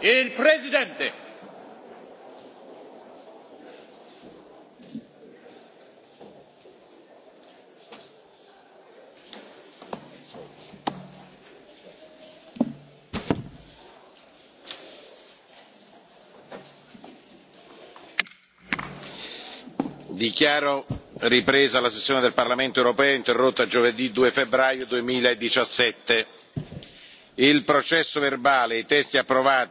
Il Presidente. Dichiaro ripresa la sessione del Parlamento europeo interrotta giovedì 2 febbraio 2017. Il processo verbale e i testi approvati